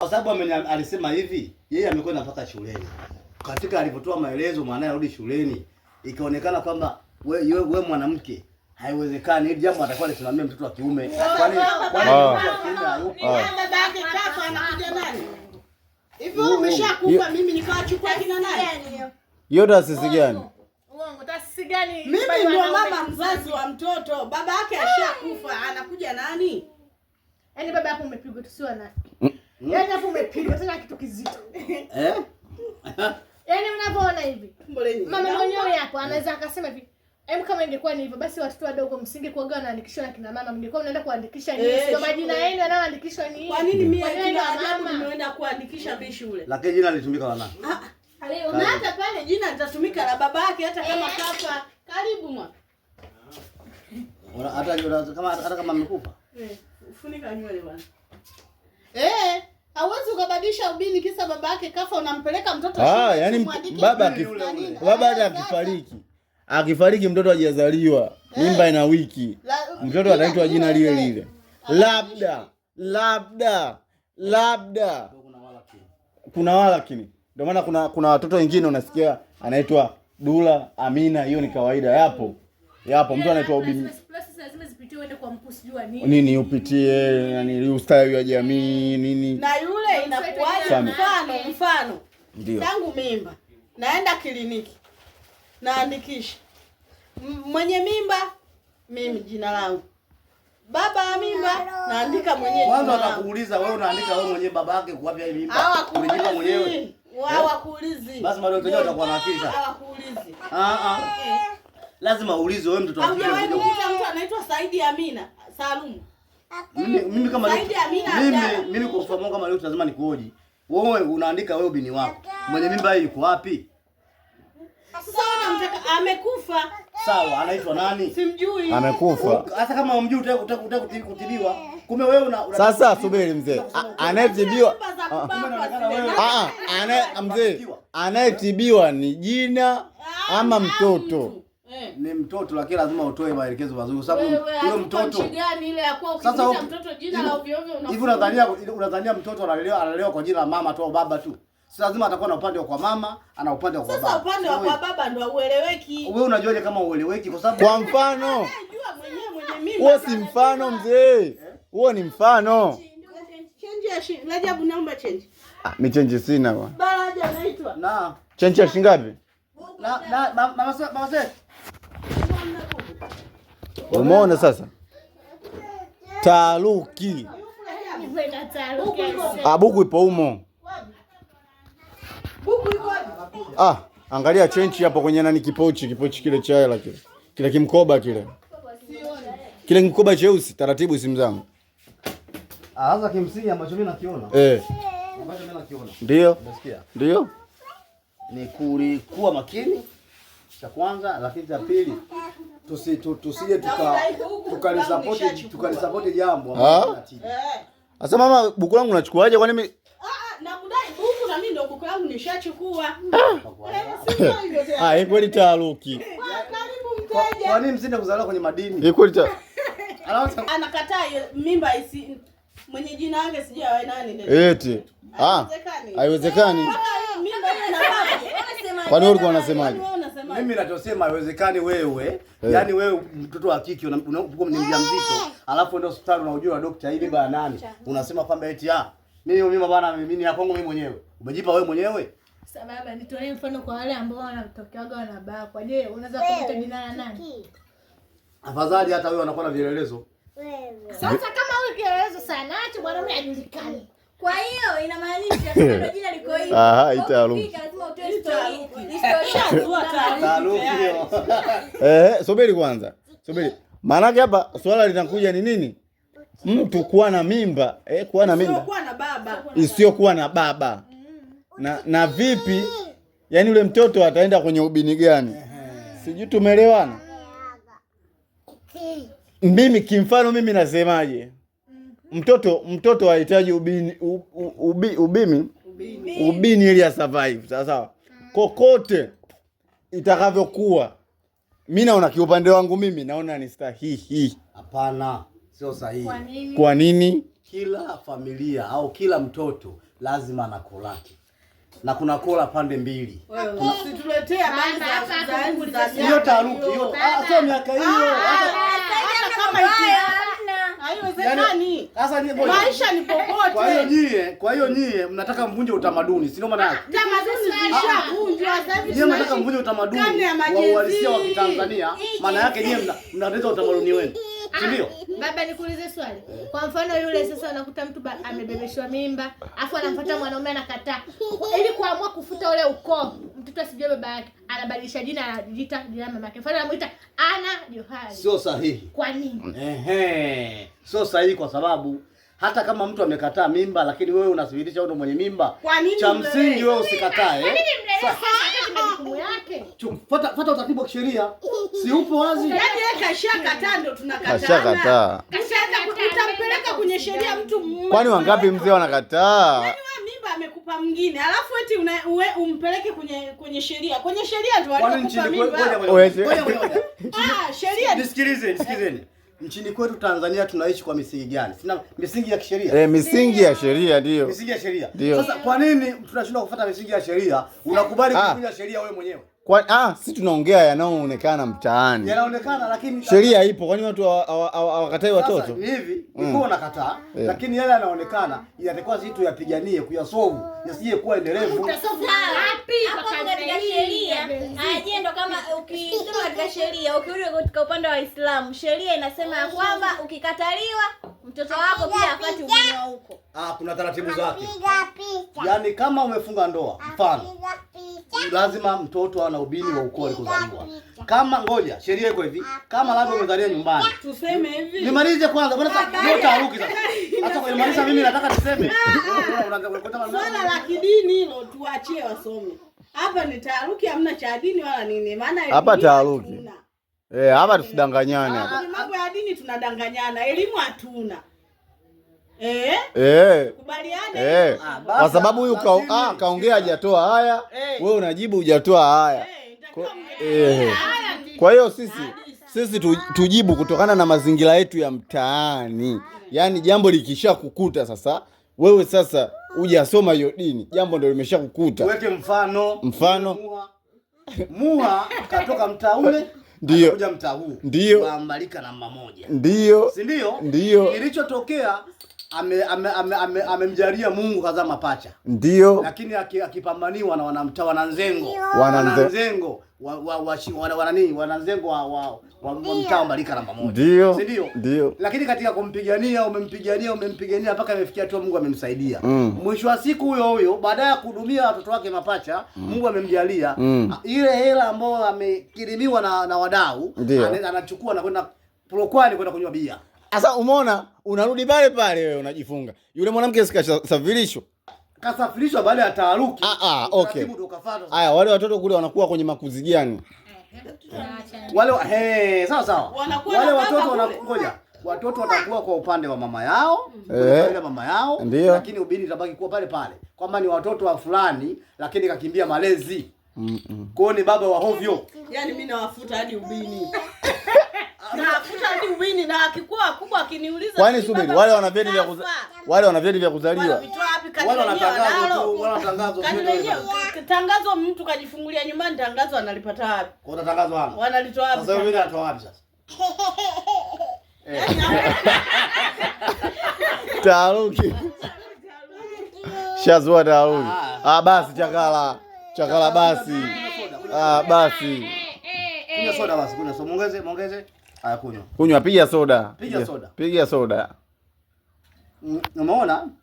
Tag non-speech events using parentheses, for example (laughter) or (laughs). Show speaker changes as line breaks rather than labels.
Kwa sababu alisema hivi, yeye amekwenda mpaka shuleni. Katika alipotoa maelezo mwanae arudi shuleni, ikaonekana kwamba we, we, we mwanamke haiwezekani hili jambo atakuwa anasimamia mtoto wa kiume.
Kwani kwani mtoto wa kiume hayupo. Baba anakuja nani? Hivi wewe umeshakufa mimi nikawachukua kina nani?
Hiyo taasisi gani?
Uongo, taasisi gani? Mimi ndio mama mzazi wa mtoto. Baba yake ashakufa anakuja nani? Yaani baba yako umepigwa tusiwa na Hmm? Yaani hapo umepiga tena kitu kizito. Eh? (laughs) Yaani unavyoona hivi. Mama mwenyewe hapo anaweza akasema hivi. Em, kama ingekuwa ni hivyo basi watoto wadogo msingekuaga wanaandikishwa na kina mama, mngekuwa mnaenda kuandikisha nini? Eh, Sio majina yenu yanayoandikishwa ni. Kwa nini mimi kila adabu nimeenda kuandikisha mimi shule?
Lakini jina litumika la nani?
Ah. ah na hata pale jina litatumika la babake hata kama kafa. Eh? Karibu mwa.
Hata kama hata kama amekufa.
Eh, ufunika nywele bwana. Eh. Hawezi ukabadilisha ubini kisa baba yake kafa, unampeleka mtoto ah,
yani baba akif- yaani yaani baba hata akifariki akifariki mtoto hajazaliwa eh. mimba ina wiki, mtoto ataitwa jina lile lile, labda labda labda kuna walakini. Ndio maana kuna kuna watoto wengine unasikia anaitwa Dula, Amina, hiyo ni kawaida, yapo yapo, mtu anaitwa ubini
mwaka mkuu sijua nini
nini upitie nani ustawi wa jamii nini,
na yule inakuaje? Mfano mfano ndio tangu mimba naenda kliniki naandikisha mwenye mimba mimi jina langu baba wa mimba naandika mwenyewe.
Kwanza watakuuliza wewe, unaandika wewe mwenyewe baba yake kwa hii
mimba? Unajipa mwenyewe. Wao Hawakuulizi.
Eh? Basi mara yote watakuwa na akili.
Hawakuulizi.
Ah ah. Eh lazima uulizwe wewe mtoto
wa kike. mtu anaitwa Saidi Amina Salum?
Mimi mimi kama
Saidi Amina
mimi mimi kwa mfano kama leo lazima nikuoji. Wewe unaandika wewe bini wako. Mwenye mimba hii yuko wapi?
Sasa mtaka amekufa.
Sawa, anaitwa nani?
Simjui.
Amekufa.
Hata kama umjui utaka utaka kutibiwa. Kumbe wewe una
Sasa subiri mzee. Anayetibiwa
Ah,
ah. ah, ah mzee. Anayetibiwa ni jina ama mtoto.
Eh. ni mtoto lakini lazima utoe maelekezo mazuri kwa sababu huyo mtoto
gani ile ya kwa mtoto jina la
ovyo ovyo hivi. Unadhania unadhania mtoto analelewa analelewa kwa jina la mama tu au baba tu? Si lazima atakuwa na upande wa kwa mama, ana upande wa kwa baba.
Sasa upande wa kwa baba ndio ueleweki.
Wewe unajuaje kama ueleweki?
Kwa sababu kwa mfano
eh,
huo si mfano mzee, huo ni mfano.
Change ya Rajabu, naomba change.
Ah, mi change sina bwana.
Baraja anaitwa.
Na change ya shilingi ngapi?
Na na mama mama
Umeona sasa, taaruki ah, buku ipo humo. Ah, angalia chenchi hapo kwenye nani, kipochi kipochi kile cha hela kile kile kimkoba kile kile kimkoba cheusi. Taratibu simu zangu
ah, sasa. Kimsingi ambacho mimi nakiona eh. ambacho mimi nakiona
Ndio, ndio
ni kulikuwa makini cha kwanza, lakini cha pili tusije tuka tukalisapoti tukalisapoti jambo.
Eh. Asema mama, buku langu unachukuaje? kwani ah,
ah, mimi
ah. eh, kweli taaruki?
kuzaliwa kwenye madini?
(laughs) Ah. Haiwezekani. Haiwezekani. Kwani ulikuwa unasemaje?
mimi nachosema haiwezekani wewe hey. Eh. Yaani wewe mtoto wa kike unakuwa ni mjamzito eh. alafu ndio hospitali unaojua dokta hii mimba eh, ya nani unasema kwamba eti ah mimi mimba bwana mimi ni yakongo mimi mwenyewe umejipa wewe mwenyewe
sababu nitoe mfano kwa wale ambao wanatokeaga wanabakwa je unaweza kupata jina la nani
afadhali hata wewe wanakuwa na vielelezo
wewe sasa kama wewe kielelezo sana acha mwanamume ajulikane kwa hiyo inamaanisha (laughs) jina liko hivi
aha itaalamu Eh, subiri kwanza, subiri. Maanake hapa swala linakuja ni nini? Mtu kuwa na mimba eh, kuwa na mimba isiyokuwa na baba na, na vipi, yani ule mtoto ataenda kwenye ubini gani? Sijui, tumeelewana. Mimi kimfano, mimi nasemaje? Mtoto mtoto hahitaji ubini, ubini, ubini ili survive sawa sawa kokote itakavyokuwa. Mi naona kiupande wangu mimi naona ni sahihi.
Hapana, sio
sahihi.
Kwa nini?
Kila familia au kila mtoto lazima ana koo lake na kuna kola pande mbili.
Hiyo taharuki hiyo, sio miaka hiyo
haiwezekani. Sasa ni maisha ni popote. Kwa
hiyo nyie, kwa hiyo nyie mnataka mvunje utamaduni, si ndio maana yake? Ah,
utamaduni zimeshavunjwa sasa
Nyie mnataka mvunje utamaduni wa uhalisia wa Kitanzania, maana yake nyie mnaleta utamaduni wenu. Ah, ndio.
Baba nikuulize swali. Kwa mfano yule sasa anakuta mtu amebebeshwa mimba, afu anamfuata mwanaume anakataa. Ili kuamua kufuta ule ukoo mtoto asijue baba yake, anabadilisha jina jita jina mama yake, mfano anamuita Ana Johari.
Sio sahihi.
Kwa nini?
Ehe, sio sahihi kwa sababu hata kama mtu amekataa mimba, lakini wewe unathibitisha ndo mwenye mimba. Cha msingi wewe usikatae fuata utaratibu wa kisheria, si upo wazi.
Yaani yeye kashakataa, ndio tunakataa.
Kashakataa,
utampeleka kwenye sheria mtu mmoja.
Kwani wangapi mzee wanakataa?
Yaani amekupa mwingine, alafu eti una we, umpeleke kwenye kwenye sheria. Kwenye sheria ndio
alikupa
mimba.
(laughs) Ah, sheria.
Nisikilizeni, nisikilizeni nchini kwetu Tanzania tunaishi kwa misingi gani? Sina misingi ya kisheria
eh, misingi ya sheria ndio,
misingi ya sheria. Sasa kwa nini tunashindwa kufuata misingi ya sheria? Unakubali ah. kuvunja sheria wewe mwenyewe?
Kwa ah, si tunaongea yanayoonekana mtaani.
Yanaonekana lakini
sheria ipo. Kwani watu hawakatai watoto?
Hivi mm. iko nakataa, lakini yale yanaonekana yatakuwa sisi tuyapiganie kuyasovu yasije kuwa endelevu.
sheria. Ajenda ah, kama ukisema katika sheria, ukirudi katika upande wa Uislamu, sheria inasema ya kwamba ukikataliwa mtoto wako pia apate ugunia huko.
Ah, kuna taratibu zake. Yaani kama umefunga ndoa, mfano lazima mtoto ana ubini wa ukoo alikozaliwa. Kama ngoja, sheria iko hivi, kama labda umezalia nyumbani.
Tuseme hivi.
Nimalize kwanza, bwana sasa ah, ndio ah, taharuki sasa. Hata ah, kwa mimi nataka tuseme.
Swala la kidini hilo tuachie wasome. Hapa ni taharuki, hamna cha dini wala nini. Maana
hapa taharuki. Eh, hapa e, tusidanganyane. Ah,
ah, mambo ya dini tunadanganyana, elimu hatuna Eh? Eh. kubaliane
eh. Ah, kwa sababu huyu kaongea hajatoa haya eh. wewe unajibu hujatoa haya Eh. Kwa hiyo sisi sisi tujibu kutokana na mazingira yetu ya mtaani, yaani jambo likisha kukuta sasa wewe sasa hujasoma hiyo dini, jambo ndio limesha kukuta.
Weke mfano mfano, Muha, katoka mtaa ule ndio kuja mtaa huu ndio mama namba moja,
ndio si ndio? Ndio
kilichotokea amemjalia ame, ame, ame Mungu kaza mapacha ndio, lakini akipambaniwa na wanamtaa wananzengo
wananzengo
wananzengo wa mtaa namba moja ndio ndio, lakini katika kumpigania umempigania umempigania mpaka amefikia tu Mungu amemsaidia mm. Mwisho wa siku huyo huyo baada ya kuhudumia watoto wake mapacha mm. Mungu amemjalia mm. ile hela ambayo amekirimiwa na, na wadau anachukua na kwenda Polokwani kwenda kunywa bia.
Sasa umeona unarudi pale pale, wewe unajifunga. Yule mwanamke sikasafirishwa
kasafirishwa baada ya taharuki.
Ah ah, okay. Haya, wale watoto kule wanakuwa kwenye makuzi gani?
Wale he, sawa sawa, wale watoto wanakuja watoto watakuwa kwa upande wa mama yao ile eh. mama yao ndiyo, lakini ubini itabaki kuwa pale pale kwamba ni watoto wa fulani, lakini kakimbia malezi mm -mm. Kwao ni baba wa hovyo,
yaani mimi nawafuta hadi ubini (laughs) na akutani
kwani subiri, wale wana vyeti vya kuzaliwa, wale wana vyeti vya kuzaliwa,
wale wana
tangazo, wana tangazo,
tangazo mtu kajifungulia nyumbani, tangazo analipata wapi?
Kwa tangazo hapa
wanalitoa wapi?
Sasa wewe unatoa wapi sasa?
(laughs) Yaani (laughs) taruki shazua taruki. Ah. ah, basi chakala chakala, basi ah, basi
kunywa soda, basi kunywa soda, muongeze muongeze kunywa,
kunywa, piga soda, piga soda, piga soda. Umeona?